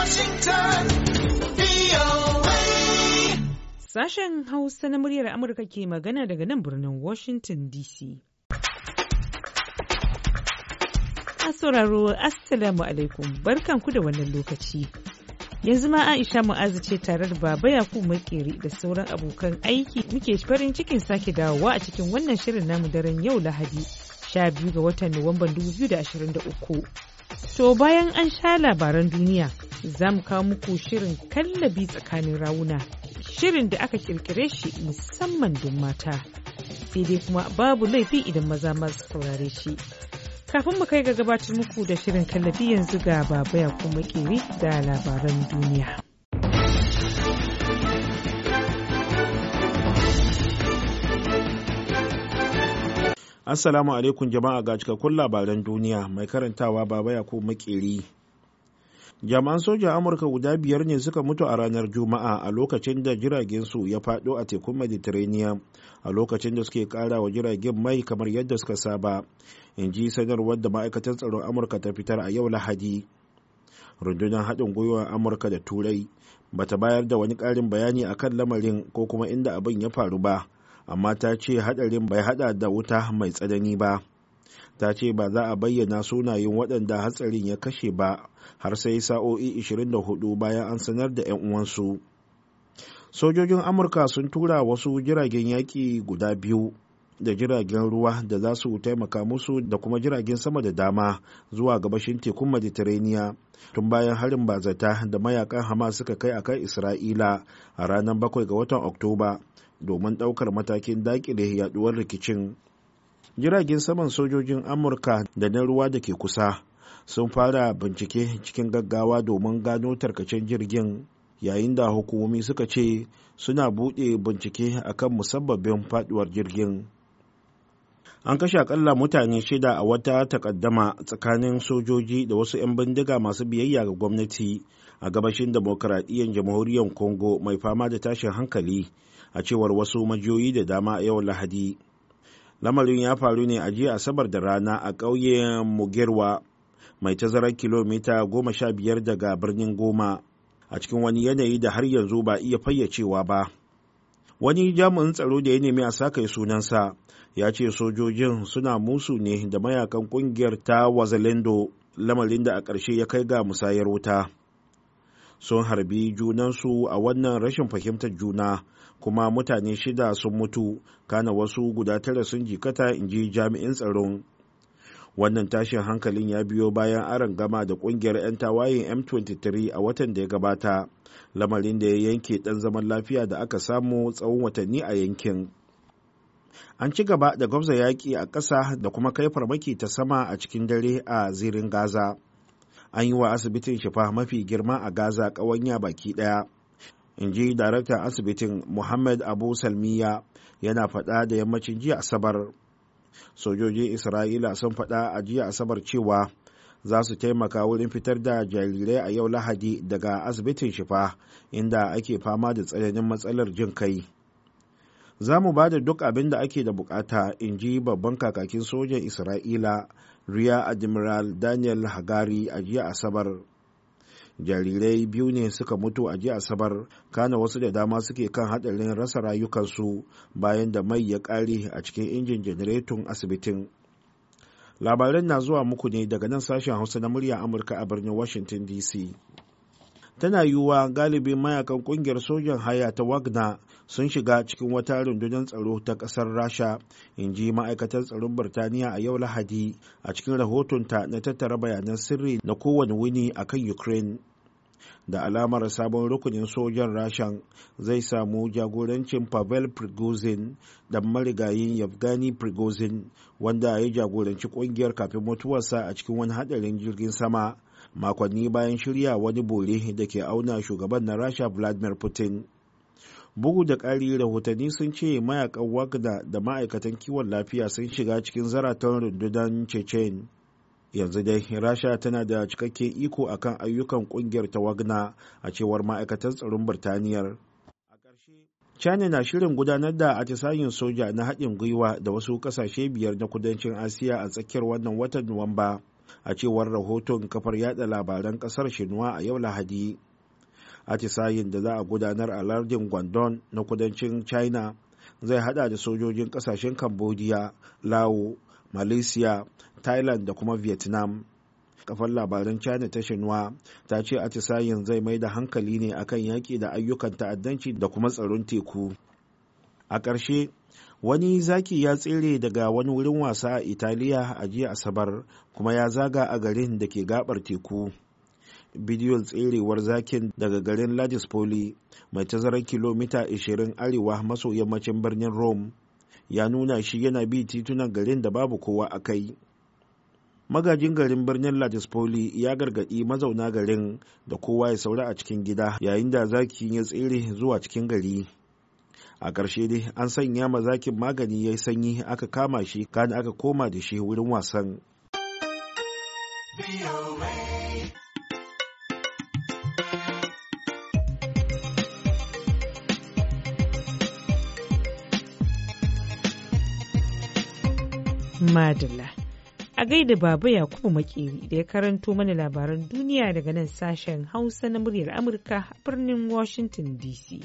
Washington, Sashen Hausa na muryar Amurka ke magana daga nan birnin Washington DC. sauraro Assalamu alaikum ku da wannan lokaci. Yanzu ma Aisha Mu'azu ce tare da Baba Yakubu Makeri da sauran abokan aiki muke farin cikin sake dawowa a cikin wannan shirin namu daren yau Lahadi. 12 ga watan Nuwamban 2023. To bayan an sha labaran duniya za mu kawo muku shirin kallabi tsakanin rawuna shirin da aka kirkire shi musamman don mata sai dai kuma babu laifi idan maza masu saurare shi. Kafin mu kai ga gabatar muku da shirin kallabi yanzu ga baba ya kuma da labaran duniya. Assalamu alaikum jama'a ga cikakkun labaran duniya mai karantawa baba ya Maƙeri. makeri. Jama'an sojan Amurka guda biyar ne suka mutu a ranar Juma'a a lokacin da jiragen su ya faɗo a tekun Mediterranean a lokacin da suke kara wa jiragen mai kamar yadda suka saba, in ji sanarwar da ma'aikatar tsaron Amurka ta fitar a yau Lahadi. rundunar haɗin gwiwar amurka da turai bata bayar da wani ƙarin bayani akan lamarin ko kuma inda abin ya faru ba amma ta ce hadarin bai hada da wuta mai tsanani ba ta ce ba za a bayyana sunayen waɗanda hatsarin ya kashe ba har sai sa'o'i 24 bayan an sanar da 'yan uwansu sojojin amurka sun tura wasu jiragen yaƙi guda biyu da jiragen ruwa da za su taimaka musu da kuma jiragen sama da dama zuwa gabashin tekun mediterania tun bayan harin bazata da mayakan hamas suka kai a kan isra'ila a ranar 7 ga watan oktoba domin ɗaukar matakin dakile yaduwar rikicin jiragen saman sojojin amurka da na ruwa da ke kusa sun fara bincike cikin gaggawa domin gano tarkacen jirgin yayin da hukumomi suka ce suna buɗe bincike akan musabbabin faduwar jirgin an kashe akalla mutane shida a wata takaddama tsakanin sojoji da wasu 'yan bindiga masu biyayya ga gwamnati a gabashin demokaradiyyar jamhuriyar congo mai fama da tashin hankali a cewar wasu majiyoyi da dama a yau lahadi lamarin ya faru ne a jiya asabar da rana a ƙauyen mugerwa mai tazarar kilomita goma sha biyar daga birnin goma a cikin wani yanayi da har yanzu ba iya fayyacewa ba wani jami'in tsaro da ya nemi a sakai sunansa ya ce sojojin suna musu ne da mayakan kungiyar ta wazalendo lamarin da a ƙarshe ya kai ga musayar wuta sun harbi junansu a wannan rashin fahimtar juna kuma mutane shida sun mutu kana wasu guda tara sun jikata in ji jami'in tsaron wannan tashin hankalin ya biyo bayan aron gama da kungiyar 'yan tawayin m23 a watan da ya gabata lamarin da ya yanke dan zaman lafiya da aka samu tsawon watanni a yankin an ci gaba da gwamza yaƙi a ƙasa da kuma kai farmaki ta sama a cikin dare a zirin gaza an yi wa asibitin shifa mafi girma a gaza ƙawanya baki ɗaya in ji daraktan asibitin muhammad abu salmiya yana faɗa da yammacin jiya asabar sojojin isra'ila sun faɗa a jiya asabar cewa za su taimaka wurin fitar da jarirai a yau lahadi daga asibitin shifa inda ake fama da tsananin matsalar jin kai za mu ba da duk abin da ake da bukata in ji babban kakakin sojan isra'ila riya admiral daniel hagari a jiya asabar jarirai biyu ne suka mutu a jiya asabar kana wasu da dama suke kan hadarin rasa rayukansu bayan da mai ya ƙare a cikin injin janareton asibitin labaran na zuwa muku ne daga nan sashen hausa na murya amurka a birnin washington dc tana yiwuwa galibin mayakan kungiyar sojan haya ta wagner sun shiga cikin wata rundunar tsaro ta kasar rasha in ji ma'aikatar tsaron birtaniya a yau lahadi a cikin rahotonta na tattara bayanan sirri na kowane wuni a kan ukraine da alamar sabon rukunin sojan rasha zai samu jagorancin pavel prigozhin da marigayin yevgani prigozhin wanda ya jagoranci kungiyar kafin mutuwarsa a cikin wani hadarin jirgin sama makonni bayan shirya wani bore da ke auna shugaban na rasha vladimir putin bugu da ƙari rahotanni sun ce mayakan wagda da ma'aikatan kiwon lafiya sun shiga cikin zaraton rundunar chechen yanzu dai rasha tana da cikakken iko akan ayyukan kungiyar ta wagna a cewar ma'aikatan tsaron birtaniyar china na shirin gudanar da atisayin soja na haɗin gwiwa da wasu ƙasashe biyar na kudancin asiya a tsakiyar wannan watan nuwamba a cewar rahoton kafar yada labaran kasar shinwa a yau lahadi atisayin da za a gudanar a lardin guangdong na kudancin china zai hada da sojojin kasashen cambodia lao malaysia thailand da kuma vietnam kafar labaran china ta shinwa ta ce atisayin zai mai da hankali ne akan yaƙi da ayyukan ta'addanci da kuma tsaron teku a ƙarshe wani zaki ya tsere daga wani wurin wasa a italiya a jiya asabar kuma ya zaga a garin da ke gabar teku bidiyon tserewar zakin daga garin ladispoli mai tazarar kilomita 20 arewa maso yammacin birnin rome ya nuna shi yana bi titunan garin da babu kowa a kai magajin garin birnin ladispoli ya gargadi mazauna garin da kowa ya saura a cikin gida yayin da zaki ya tsere zuwa cikin gari a ƙarshe dai an sanya ma zakin magani ya yi sanyi aka kama shi kan aka koma da shi wurin wasan Madala. A gaida Baba Yakubu Makeri da ya karanto mana labaran duniya daga nan sashen Hausa na muryar Amurka a birnin Washington DC.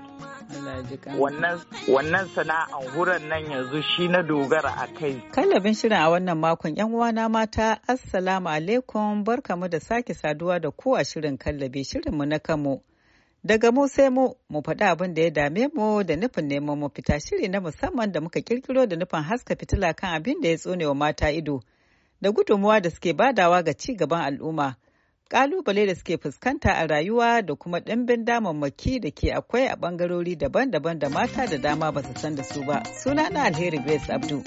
wannan sana'an wurin nan yanzu shi na dogara a kai kallabin shirin a wannan makon yan uwana mata assalamu alaikum barkamu da sake saduwa da ku a shirin kallabi shirin mu na kanmu daga mu sai mu mu faɗi abin da ya dame mu da nufin neman mu fita shiri na musamman da muka kirkiro da nufin haska fitila kan abin da ya tsone wa mata ido da gudunmuwa da suke badawa ga ci gaban al'umma kalubale da suke fuskanta a rayuwa da kuma ɗimbin damammaki da ke akwai a ɓangarori daban-daban da mata da dama ba su san da su ba. Suna na Alheri Grace Abdu.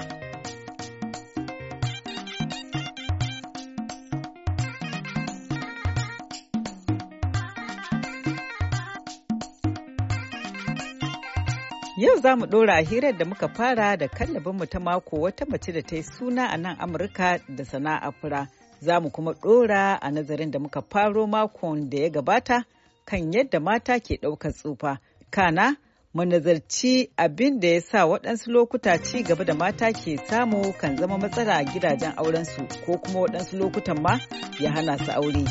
Yau za mu ɗora a hirar da muka fara da kallabinmu ta mako wata mace da ta yi suna a nan Amurka da sana'a fura. za mu kuma ɗora a nazarin da muka faro makon da ya gabata kan yadda mata ke ɗaukar tsufa kana manazarci abin da ya sa waɗansu lokuta ci gaba da mata ke samu kan zama matsala a gidajen aurensu ko kuma waɗansu lokutan ma ya hana su aure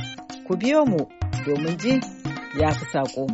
ku biyo mu domin ji ya fi saƙo.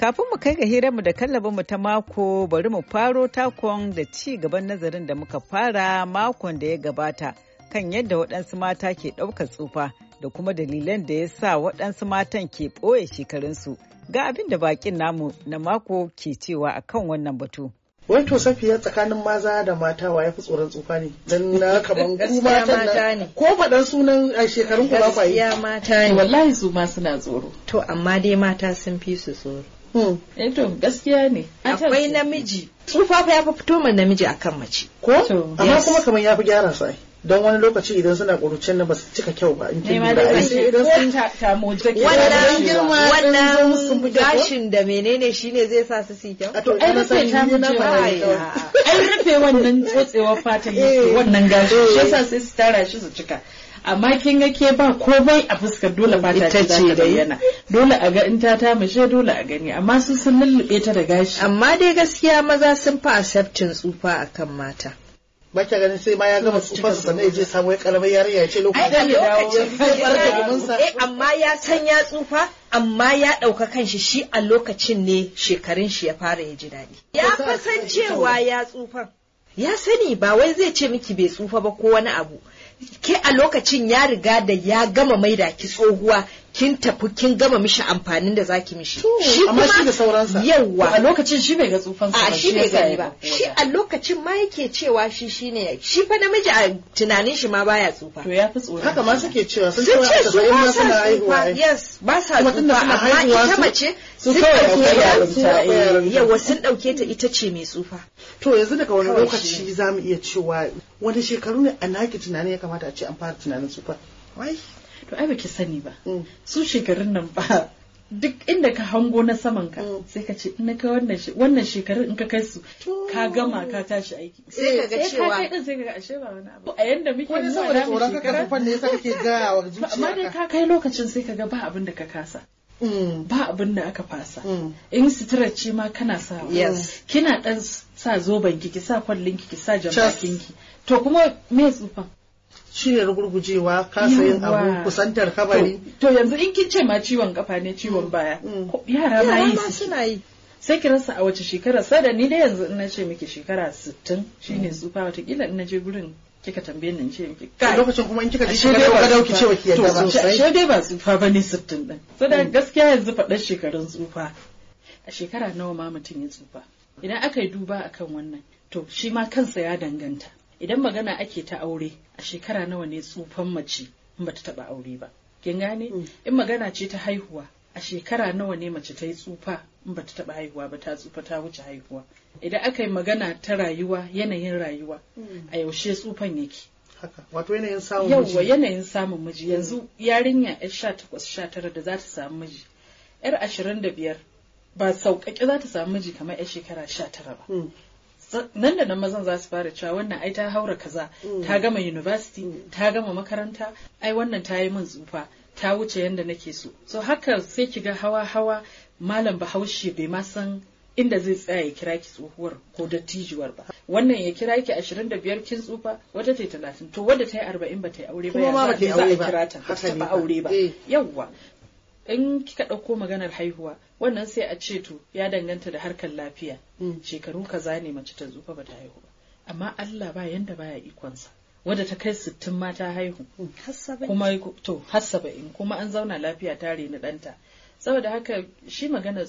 Kafin mu kai ga hiranmu da kallabinmu ta mako bari mu faro takon da ci gaban nazarin da muka fara makon da ya gabata kan yadda waɗansu mata ke ɗaukar tsufa da kuma dalilan da ya sa waɗansu matan ke ɓoye shekarunsu ga abin da bakin namu na mako ke cewa a kan wannan batu. wai to safiya tsakanin maza da mata wa ya fi tsoron tsufa ne dan na kaman ku mata na ko faɗan sunan eh, shekarun ku ba ku yi gaskiya mata ne wallahi su ma suna tsoro to amma dai mata sun fi su tsoro Hmm. eh to gaskiya ne akwai namiji tsufa fa ya fi fito ma namiji akan mace ko amma kuma kamar ya fi gyara sai. don wani lokaci idan suna ƙurucin na ba su cika kyau ba Ne ma da sai idan sun tamo jake wannan girma wannan gashin da menene shine zai sa su si kyau to ai rufe ta mu na ai rufe wannan tsotsewar fatan eh. wannan gashi shi eh. yasa sai su tara shi su cika amma kin ga ke ba komai a fuskar dole ba ta ce ta bayyana dole a ga in ta ta mace dole a gani amma su sun lullube ta da gashi amma dai gaskiya maza sun fa asabtin tsufa akan mata ba ganin sai ma ya gama tsufar sa sannan ya je samu karamar yarinya ya ce lokacin da lokacin zai barka gumin sa eh amma ya san ya tsufa amma ya dauka kanshi shi a lokacin ne shekarun shi ya fara ya ji daɗi ya fasan cewa ya tsufan ya sani ba wai zai ce miki bai tsufa ba ko wani abu ke a lokacin ya riga da ya gama maida ki tsohuwa kin tafi kin gama mishi amfanin da zaki mishi shi amma shi da sauransa yawa a lokacin shi bai ga tsufan sa shi bai gani ba shi a lokacin ma yake cewa shi shine shi fa namiji a tunanin shi ma baya tsufa to yafi tsoro haka ma suke cewa sun ce su ba sa tsufa eh. yes ba sa tsufa amma ita mace sun dauke eh. yawa sun dauke ta ita ce mai tsufa to yanzu daga wani lokaci zamu iya cewa wani shekaru ne a naki tunanin ya kamata a ce an fara tunanin tsufa wai to ai baki sani ba mm. su shekarun nan ba duk inda ka hango na saman ka mm. sai ka ce in ka wannan wannan shekarun in ka kai su ka gama ka tashi aiki sai ka ga cewa sai ka kai sai ka ga ashe ba wani abu a yanda muke wani saboda tsoron ka yasa kake wa zuciya amma dai ka kai lokacin sai ka ga ba abin da ka kasa mm. ba abin da aka fasa in suturar ce ma kana sa kina dan sa zoben ki ki sa kwallin ki ki sa jama'a ki to kuma me tsufan shine rugurgujewa ka yin abu kusantar kabari to yanzu in kin ce ma ciwon kafa ne ciwon baya mm. yara ma yi suna yi sai ki rasa a wace shekara sada ni da yanzu ina ce miki shekara 60 shine mm. tsufa kila ina je gurin kika tambaye ni ce miki kai lokacin kuma in kika ji shekara ka dauki cewa ki yadda ba she dai ba tsufa bane 60 din sada mm. gaskiya yanzu faɗar shekarun tsufa a shekara nawa ma mutum ya tsufa idan aka yi duba akan wannan to shi ma kansa ya danganta idan magana ake ta aure a shekara nawa ne tsufan mace in bata taba aure ba kin gane mm. in magana ce ta haihuwa a shekara nawa ne mace ta yi tsufa in bata taba haihuwa ba ta tsufa ta wuce haihuwa idan aka yi magana ta rayuwa yanayin rayuwa mm. a yaushe tsufan yake haka wato yanayin samun miji yauwa yanayin samun miji mm. yanzu yarinya yar sha takwas sha tara da za ta samu miji yar ashirin da biyar ba sauƙaƙe za ta samu miji kamar yar shekara sha tara ba nan da nan mazan za su fara cewa wannan ai ta haura kaza mm. ta gama university mm. ta gama makaranta ai wannan ta yi min tsufa ta wuce yadda nake so so haka sai ki ga hawa hawa malam bahaushe bai ma san inda zai tsaya ya kira ki tsohuwar ko dattijuwar ba wannan ya kira ki 25 kin tsufa wata ta 30 to wadda ta yi 40 ba ta yi aure ba ya za a kira ta ba aure ba eh. yawwa in kika ɗauko maganar haihuwa wannan sai a ce to ya danganta da harkar lafiya hmm. shekaru kaza ne mace ta tsufa ba ta haihu ba amma Allah ba yanda baya ikonsa wadda ta kai sittin ma haihu hmm. kuma to har kuma an zauna lafiya tare na ɗanta saboda haka shi maganar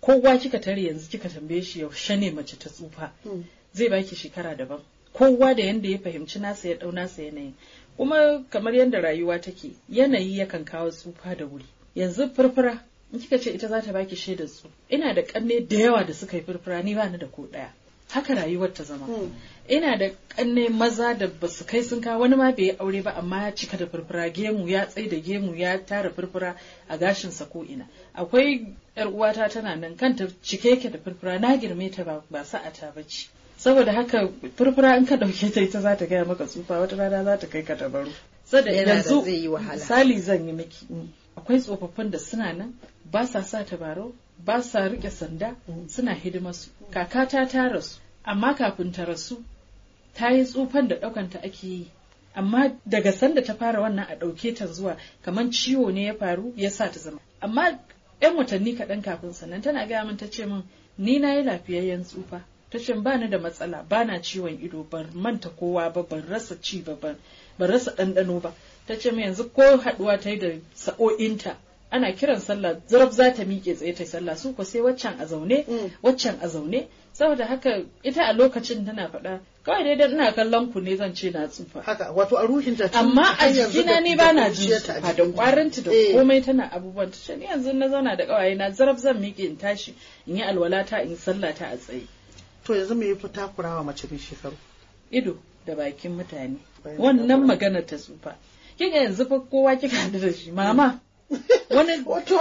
kowa kika tare yanzu kika tambaye shi yaushe ne mace ta tsufa hmm. zai baki shekara daban kowa da yanda ya fahimci nasa ya ɗau nasa yanayin kuma kamar yadda rayuwa take yanayi yakan kawo tsufa da wuri yanzu furfura kika ce ita za ta baki shaidar su ina da kanne da yawa da suka yi furfura ni ba ni da ko ɗaya. haka rayuwar ta zama hmm. ina da kanne maza da ba su kai sun kawo wani ma bai yi aure ba amma ya cika da furfura gemu ya tsai da gemu ya tara furfura a gashinsa ko ina akwai yar uwata tana nan kanta cike yake da furfura na girme ta ba sa'a ta bace saboda haka furfura in ka dauke ta ita za ta gaya maka tsufa wata rana za ta kai ka tabaru saboda yanzu misali zan yi miki akwai tsofaffin da suna nan ba sa sa tabarau ba sa riƙe sanda suna hidimarsu kakata ta rasu amma kafin ta rasu ta yi tsufan da ɗaukanta ake yi amma daga sanda ta fara wannan a ɗauke ta zuwa kamar ciwo ne ya faru ya sa ta zama amma 'yan watanni kaɗan kafin sannan tana gaya min ta ce min ni na yi lafiyayyen tsufa ta ce ba ni da matsala ba na ciwon ido ban manta kowa ba ban rasa ci ba ban ba rasa ɗanɗano ba ta ce mai yanzu ko haɗuwa ta yi da sa'o'inta ana kiran sallah zarab za ta miƙe tsaye ta sallah su ko sai waccan a zaune mm. waccan a zaune saboda haka ita a lokacin tana faɗa kawai dai dan ina kallon ku ne zan ce na tsufa haka wato a ruhin ta amma a jikina ne ba na jin da kwarin da eh. komai tana abubuwan ta ce ni yanzu na zauna da kawaye na zarab zan miƙe in tashi in yi alwala ta in sallah ta a tsaye to yanzu me takurawa mace mai shekaru ido da bakin mutane wannan magana ta tsufa kika yanzu fa kowa kika da shi mama wani wato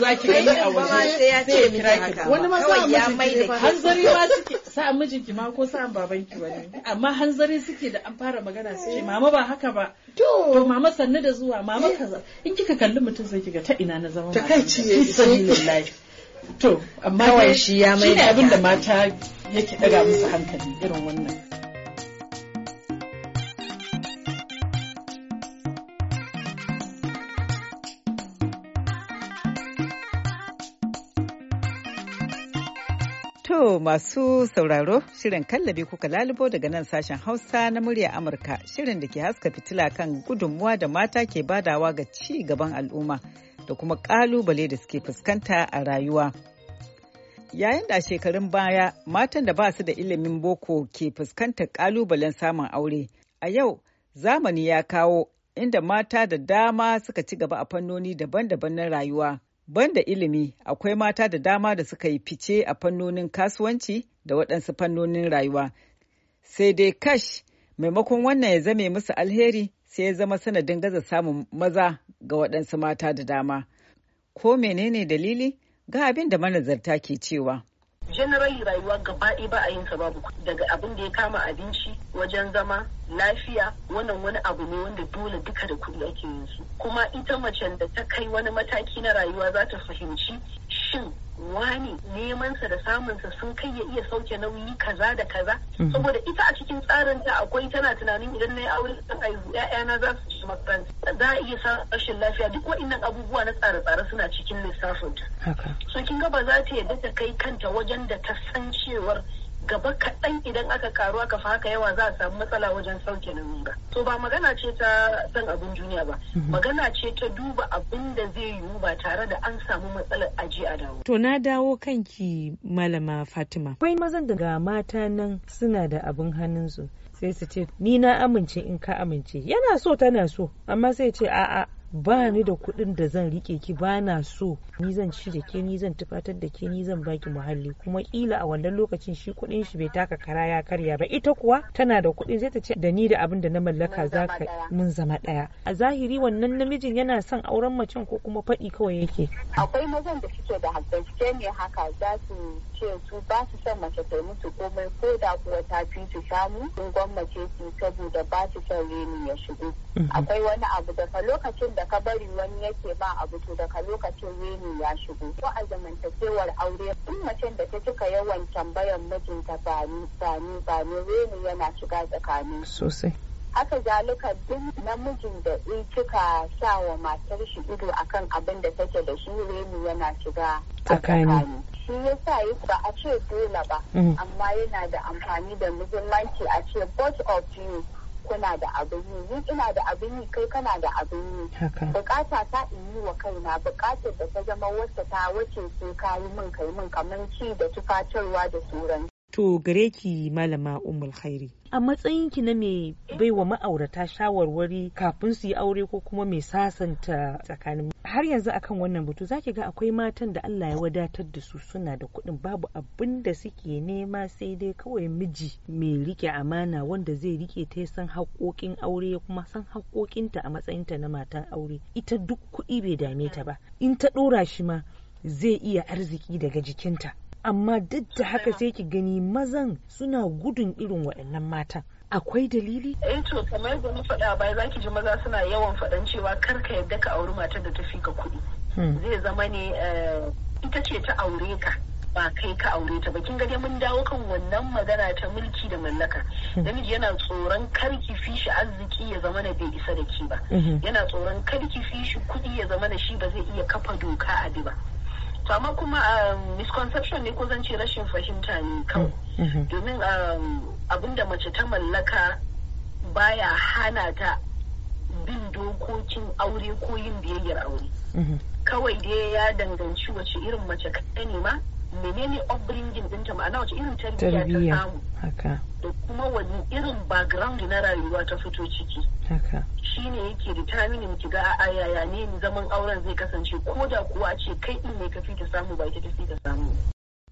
za ki yi a waje sai ya ce kira ki wani ma sa ya mai da hanzari ma suke sa mijinki ma ko sa babanki wani amma hanzari suke da an fara magana su ce mama ba haka ba to mama sannu da zuwa mama kaza in kika kalli mutum sai kiga ta ina na zama ta kai ci ya lillahi to amma kawai shi ya mai da abin da mata yake daga musu hankali irin wannan To masu sauraro shirin kallabi kuka lalubo daga nan sashen Hausa na murya Amurka shirin da ke haska fitila kan gudunmuwa da mata ke badawa ga ci gaban al'umma da kuma kalubale da suke fuskanta a rayuwa. Yayin da shekarun baya matan da ba su da ilimin boko ke fuskantar kalubalen samun aure, a yau zamani ya kawo inda mata da dama suka ci gaba a fannoni daban-daban na rayuwa Banda ilimi, akwai mata da dama da suka yi fice a fannonin kasuwanci da waɗansu fannonin rayuwa. Sai dai kash maimakon wannan ya zame musu alheri sai ya zama sanadin gaza samun maza ga waɗansu mata da dama. Ko menene dalili? Ga abin da manazarta ke cewa. generally rayuwa gaba ba a yin sa babu daga abin da ya kama abinci wajen zama lafiya wannan wani abu ne wanda dole duka da kuɗi ake yin su kuma ita macen da ta kai wani mataki na rayuwa za ta fahimci shin wani nemansa da samunsa sun kai ya iya sauke nauyi kaza da kaza mhm. saboda ita a cikin tsarin ta akwai tana tunanin idan na yi aure ɗan aihu ya'yana za su ci makaranta za a iya samun rashin lafiya duk waɗannan abubuwa na tsare-tsare suna cikin lissafin ta so kin ga ba za ta yadda ta kai kanta wajen da ta san cewar gaba kaɗan idan aka karu aka fa haka yawa za a samu matsala wajen sauke na ba to ba magana ce ta san abin duniya ba mhm. magana ce ta duba abin da zai yiwu ba tare da an samu matsalar aji a dawo to na dawo kanki malama fatima akwai mazan daga mata nan suna da abin hannunsu sai su ce ni na amince in ka amince yana so tana so amma sai ce a'a ba ni da kuɗin da zan rike ki ba na so ni zan ci da ke ni zan tufatar da ke ni zan baki muhalli kuma ƙila a wannan lokacin shi kuɗin shi bai taka kara ya karya ba ita kuwa tana da kuɗin zai ta ce da ni da abin da na mallaka za ka mun zama ɗaya a zahiri wannan namijin yana son auren macen ko kuma faɗi kawai yake akwai mazan da suke da gaske ne haka za su ce su ba su son mace ta mutu komai ko da kuwa ta fi su samu In gwamnati su saboda ba su son reni ya shigo mhm. akwai wani abu daga lokacin da da ka bari wani yake ba abu to daga lokacin reni ya shigo ko a zamantakewar aure in macen da ta cika yawan tambayan mijinta ba ni ba ni reni yana shiga tsakanin. sosai haka zalika duk namijin da in kika sa wa matar shi ido akan abin da take da shi reni yana shiga tsakani shi sa yi ba a ce dole ba mm. amma yana da amfani da muhimmanci a ce both of you kuna da abin yi ni ina da abin yi kai kana da abin yi bukata ta in yi wa kaina bukatar da ta zama wacce ta wace sai ka yi min kai min kamar ci da tufatarwa da sauran To gare ki malama umul Khairi. A matsayin ki na mai baiwa ma'aurata shawarwari kafin su yi aure ko kuma mai sasanta tsakanin har yanzu akan wannan batu zaki ga akwai matan da Allah ya wadatar da su suna da kuɗin babu abin da suke nema sai dai kawai miji mai rike amana wanda zai rike ta san haƙoƙin aure ya kuma san haƙoƙinta a matsayinta na matan aure ita duk kuɗi bai dame ta ba in ta ɗora shi ma zai iya arziki daga jikinta amma duk da haka sai ki gani mazan suna gudun irin waɗannan matan akwai dalili? Eh to kamar yadda na faɗa bai za ki ji maza suna yawan faɗan cewa kar ka yadda ka auri matar da ta fi ka kuɗi. Hmm. Zai zama ne eh, ita ce ta aure ka ba kai ka aure ta ba kin ga dai mun dawo kan wannan magana ta mulki da mallaka. Hmm. Namiji yana tsoron kar ki fi shi arziki ya zama na bai isa da ki ba. Hmm. Yana tsoron kar ki fi shi kuɗi ya zama na shi ba zai iya kafa doka a ba. to amma kuma um, misconception ne ko zan ce rashin fahimta ne kawai mm, mm-hmm. domin um, abinda mace ta mallaka baya hana ta bin dokokin aure ko yin biyayyar aure mm-hmm. kawai dai ya danganci wace irin mace ka ma. menene upbringing dinta ma'ana wace irin tarbiyya ta samu da kuma wani irin background na rayuwa ta fito ciki shi ne yake determining ki ga a yaya ne zaman auren zai kasance ko da kuwa ce kai din ne ka fi ta samu ba ita ta fi ta samu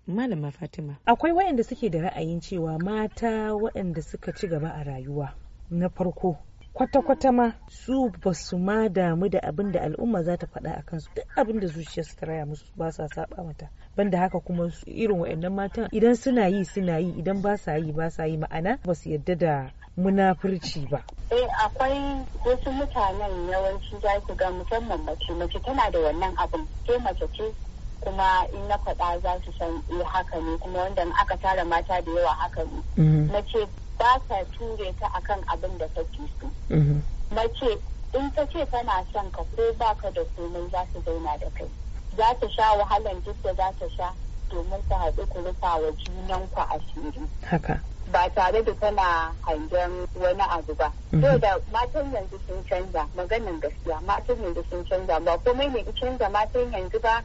Malama Fatima, akwai waɗanda suke da ra'ayin cewa mata waɗanda suka ci gaba a rayuwa na farko kwata-kwata ma su ba su ma damu da abin da al'umma za ta faɗa a kansu duk abin da zuciya su raya musu ba sa saba mata banda haka kuma irin wa'annan matan idan suna yi suna yi idan ba sa yi ba sa yi ma'ana ba su yadda da munafurci ba. Eh akwai wasu mutanen yawanci za ku ga musamman mace mace tana da wannan abin ke mace ce kuma in na faɗa za su san eh haka ne kuma wanda aka tara mata da yawa haka ne. Mace mm-hmm. ba ta ture ta a kan abin da kake so mm-hmm. mace in ta ce tana son ka ko ba ka da komai za su zauna da kai za ta sha wahalan duk da za ta sha domin ta haɗu ku rufa wa junan ku asiri haka ba tare da tana hangen wani abu ba. Yau mm-hmm. da matan yanzu sun canza maganin gaskiya matan yanzu sun canza ba komai ne canza matan yanzu ba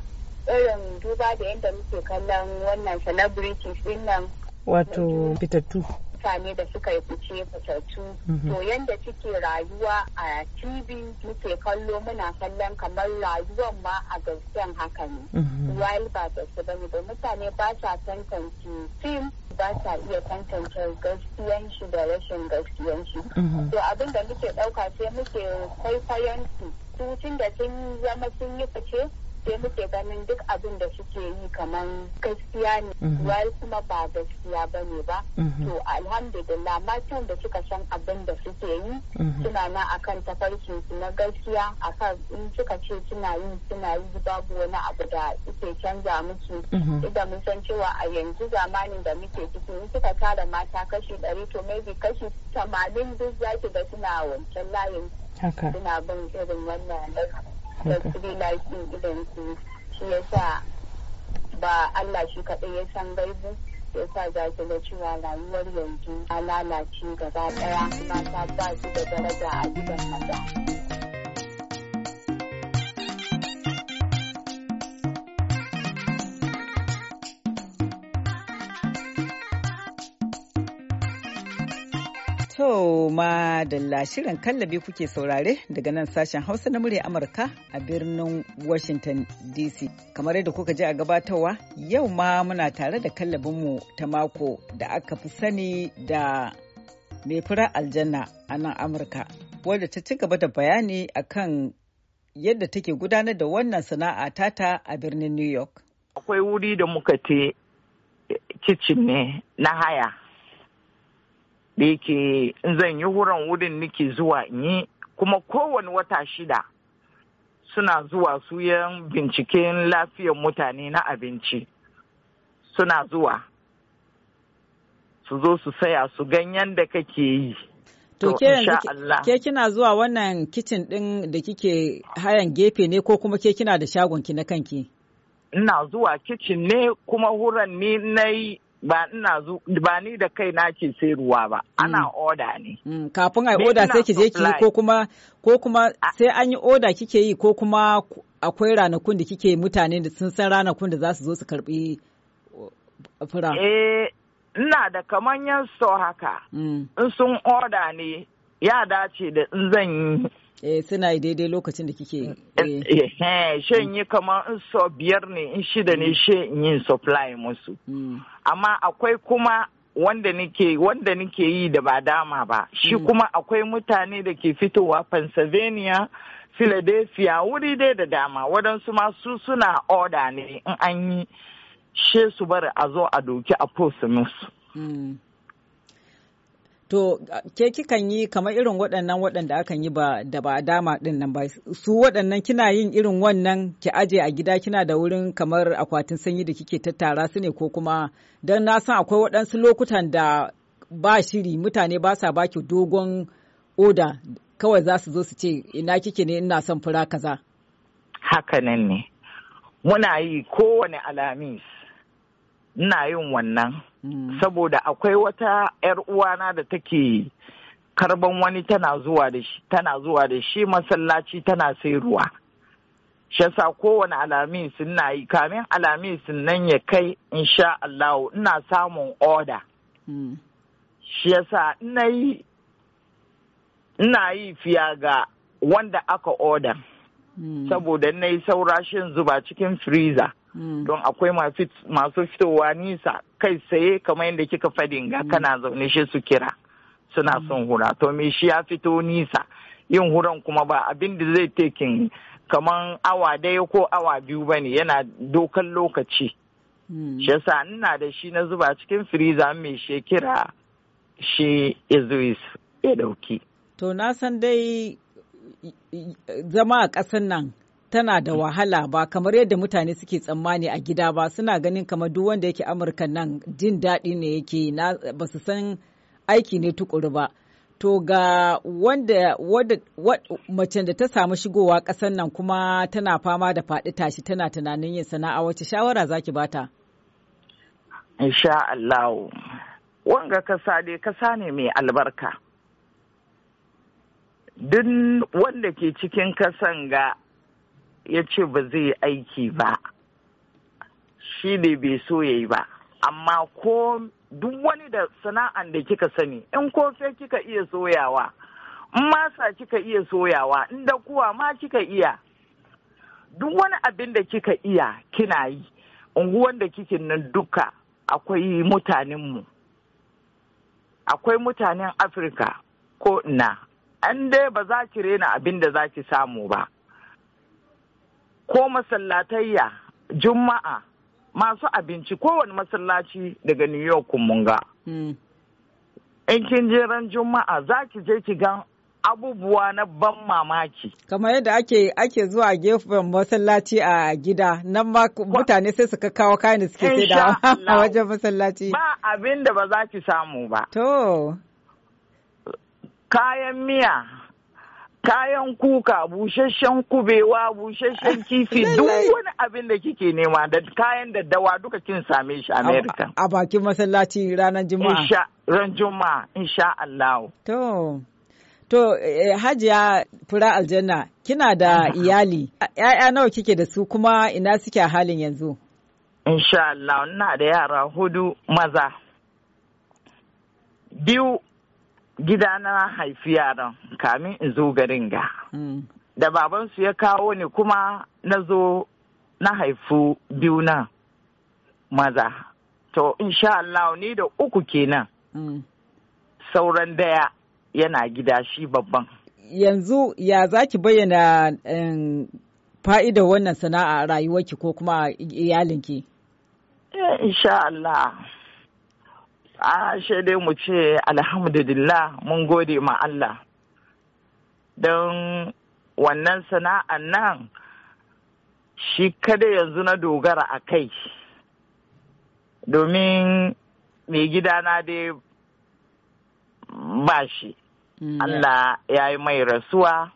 irin duba da yadda muke kallon wannan celebrities din nan. Wato fitattu. mutane da suka yi fice fitattu mhm. to yanda suke rayuwa a tv muke kallo muna kallon kamar rayuwan ma a gaskiyan haka ne mhm. wail ba da su bane ba mutane ba sa tantance fim ba sa iya tantance gaskiyan shi da rashin gaskiyan shi mhm. to abin da muke ɗauka sai muke kwaikwayon su tutun da sun zama sun yi fice sai muke ganin duk abin da suke yi kamar gaskiya ne mhm. wai kuma ba gaskiya ba ne mhm. ba to alhamdulillah matan da suka san abin da suke yi mhm. suna na akan tafarki na gaskiya akan in suka ce suna yi suna yi babu wani abu da suke canza musu idan mun san cewa a yanzu zamanin da muke ciki in suka tara mata kashi ɗari to maybe kashi tamanin duk zaki ga suna wancan layin suna bin irin wannan da idan su shi yasa ba Allah shi kaɗai ya san gaibu yasa za ki ga cewa rayuwar yanzu a lalace gaba ɗaya mata ba su da daraja a gidan maza. To ma da shirin kallabi kuke saurare daga nan sashen Hausa na murya Amurka a birnin Washington DC. Kamar yadda kuka ji a gabatarwa yau ma muna tare da kallabinmu ta mako da aka fi sani da mai fura aljanna a nan Amurka wadda ta ci gaba da bayani akan yadda take gudanar da wannan sana'a tata a birnin New York. Akwai wuri da muka ce kicin ne na haya. da yake in zan yi wurin wurin nake zuwa in yi kuma kowane wata shida suna zuwa su yan binciken lafiyar mutane na abinci suna zuwa su zo su saya su ganyen da kake yi To ke ke kina zuwa wannan kicin ɗin da kike hayan gefe ne ko kuma ke kina da shagon na kanki? Ina zuwa kicin ne kuma huran ne na ba ina zu ba ni da kai na ke sayarwa ba ana mm. oda ne mm, kafin ai oda sai ki je ki ko ko kuma sai an yi oda kike yi ko kuma akwai ranakun da kike mutane da sun san ranakun da za su zo su karbi uh, fura eh ina da kamar yan haka mm. in sun oda ne ya dace da in zan yi eh suna yi daidai lokacin da kike eh, eh. eh shan yi kamar in so biyar ne in shida ne shi in yi supply musu hmm. amma akwai kuma wanda nike wanda nike yi da ba dama ba shi hmm. kuma akwai mutane da ke fitowa Pennsylvania Philadelphia wuri dai da dama wadansu ma su suna order ne in an yi shi su bari a zo a doki a post musu hmm. To ke kikan yi kamar irin waɗannan waɗanda akan yi ba da ba dama ɗin nan ba su waɗannan kina yin irin wannan ki aje a gida kina da wurin kamar akwatin sanyi da kike tattara su ne ko kuma don na san akwai waɗansu lokutan da ba shiri mutane ba sa baki dogon oda kawai za su zo su ce ina kike ne ina son fura kaza. Haka nan ne. Muna yi kowane alamis. Ina yin wannan. Mm. saboda akwai wata 'yar uwana da take karban wani tana zuwa da shi tana zuwa da shi masallaci tana sai ruwa shi yasa kowane alamin na yi kamin alamin nan ya kai insha Allah ina samun order mm. shi yasa ina yi ina yi fiya ga wanda aka order mm. saboda na yi saurashin zuba cikin freezer Mm. don akwai masu fitowa nisa kai tsaye kamar yadda kika fadin ga mm. kana zaune shi su kira suna mm. son hura to me shi ya fito nisa yin huran kuma ba abin da zai tekin kamar awa daya ko awa biyu ba ne yana dokan lokaci shi yasa ina da shi na zuba cikin firiza mai shekira shi izuis ya dauki to na san dai zama a ƙasan nan tana da wahala ba kamar yadda mutane suke tsammani a gida ba suna ganin kamar duk wanda yake amurka nan jin daɗi ne yake na ba su san aiki ne tukuru ba to ga wanda macen da ta samu shigowa ƙasar nan kuma tana fama da faɗi tashi tana tunanin yin sana'a wacce shawara zaki bata insha Allah wanga kasa dai kasa ne mai albarka duk wanda ke cikin kasan ga ya ce ba zai yi aiki ba shi ne bai so ya yi ba amma ko duk wani da sana'an da kika sani in ko sai kika iya soyawa in masa kika iya soyawa in da kuwa ma kika iya duk wani abin da kika iya kina yi unguwan da kikin nan duka akwai mutanenmu akwai mutanen afirka ko ina an dai ba za ki rena abin da za ki samu ba ko masallatayya juma'a masu abinci kowane masallaci daga new york mun ga hmm. in kin je ran juma'a za ki je ki ga abubuwa na ban mamaki kamar yadda ake ake zuwa gefen masallaci a gida nan ma mutane sai suka kawo kayan da suke da a wajen masallaci ba abin da ba za ki samu ba to kayan miya kayan kuka busasshen kubewa busasshen kifi duk wani abin da kike nema da kayan daddawa duka kin same shi America a bakin masallaci ranar juma'a ran juma'a insha Allah to To, eh, Hajiya Fura Aljanna, kina da iyali, ‘ya'ya nawa kike da su kuma ina suke halin yanzu? Insha Allah, ina da yara hudu maza. Biyu gida na haifi yaran kamin in zo garin ga. Hmm. Da babansu ya kawo ni kuma na zo na haifu biyu na maza. To, insha Allah ni da uku kenan. Hmm. Sauran daya yana gida shi babban. Yanzu ya zaki bayyana fa'idar wannan sana'a a rayuwarki ko kuma iyalinki? Eh, insha Allah. a dai mu ce alhamdulillah mun gode ma Allah don wannan sana'a nan shi kada yanzu na dogara a kai domin mai gidana dai ba shi mm. Allah ya yi mai rasuwa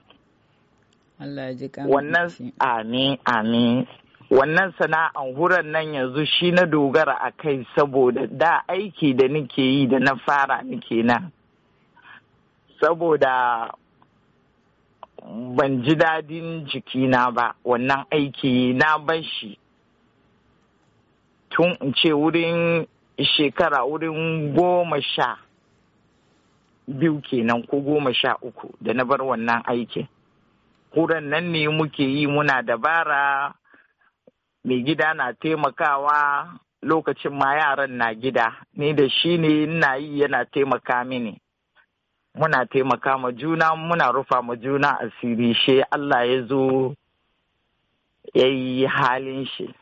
wannan amin amin wannan sana'an huran nan yanzu shi na dogara a kai saboda da aiki da nike yi da na fara nike nan saboda ban ji dadin jikina ba wannan aiki na bar shi tun in ce wurin shekara wurin goma sha biyu kenan ko goma sha uku da na bar wannan aikin huran nan ne muke yi muna dabara mai gida na taimakawa lokacin ma yaran na gida ni da shi ne ina yi yana taimaka mini muna taimaka ma juna muna rufa ma juna asiri she Allah ya zo ya yi halin shi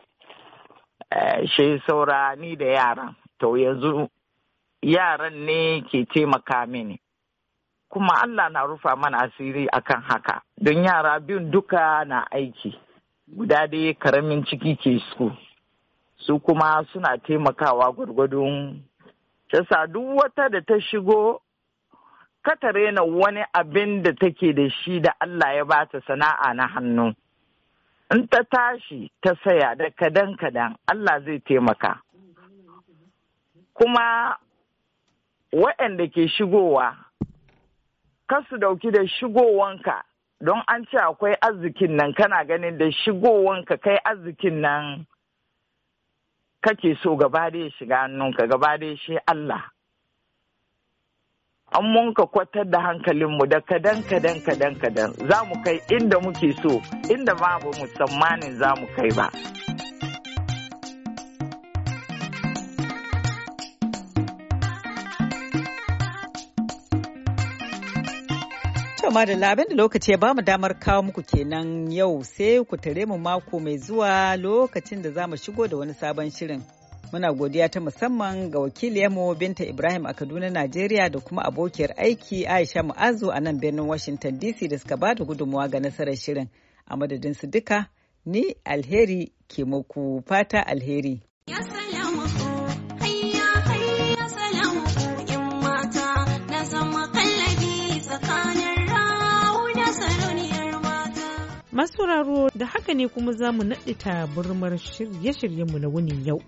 eh, she saura ni da yaran to yanzu yaran ne ke taimaka mini kuma Allah na rufa mana asiri akan haka don yara biyun duka na aiki guda dai karamin ciki ke su su kuma suna taimakawa gwargwadon yasa duk wata da ta shigo ka rena wani abin da take da shi da Allah ya bata sana'a na hannu in ta tashi ta saya da kadan kadan Allah zai taimaka kuma waɗanda ke shigowa kasu dauki da shigowanka don an ce akwai arzikin nan kana ganin da shigowanka kai arzikin nan kake so gaba da ya shiga hannunka gaba da ya shi Allah an mun kwatar da hankalinmu da kadan kadan kadan kadan za mu kai inda muke so inda babu musammanin za mu kai ba. da labin da lokaci ya ba mu damar kawo muku kenan yau sai ku tare mu mako mai zuwa lokacin da za mu shigo da wani sabon shirin. Muna godiya ta musamman ga wakiliyarmu Binta Ibrahim a Kaduna, Najeriya da kuma abokiyar aiki Aisha Mu'azu a nan birnin Washington DC da suka ba da gudunmuwa ga nasarar shirin. A madadin su duka, ni alheri ke muku fata alheri. Masu da haka ne kuma za mu naɗi taburmar shirye-shiryenmu na wunin yau.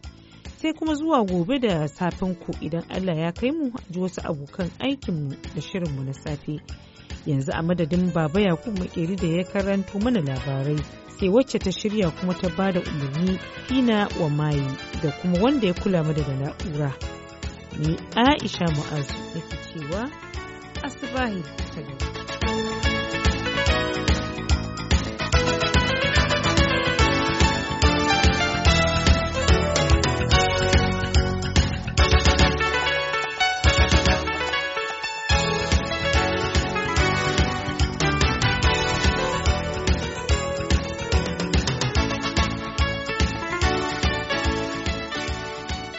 Sai kuma zuwa gobe da safen ku idan Allah ya kai mu ji wasu abokan aikinmu da shirinmu na safe. Yanzu a madadin Baba Yakubu Makeri da ya karanto mana labarai sai wacce ta shirya kuma ta ba da umarni Fina wa mayi da kuma wanda ya kula mu da na'ura. Ni Aisha Mu'azu ke cewa Asibahi ta gaba.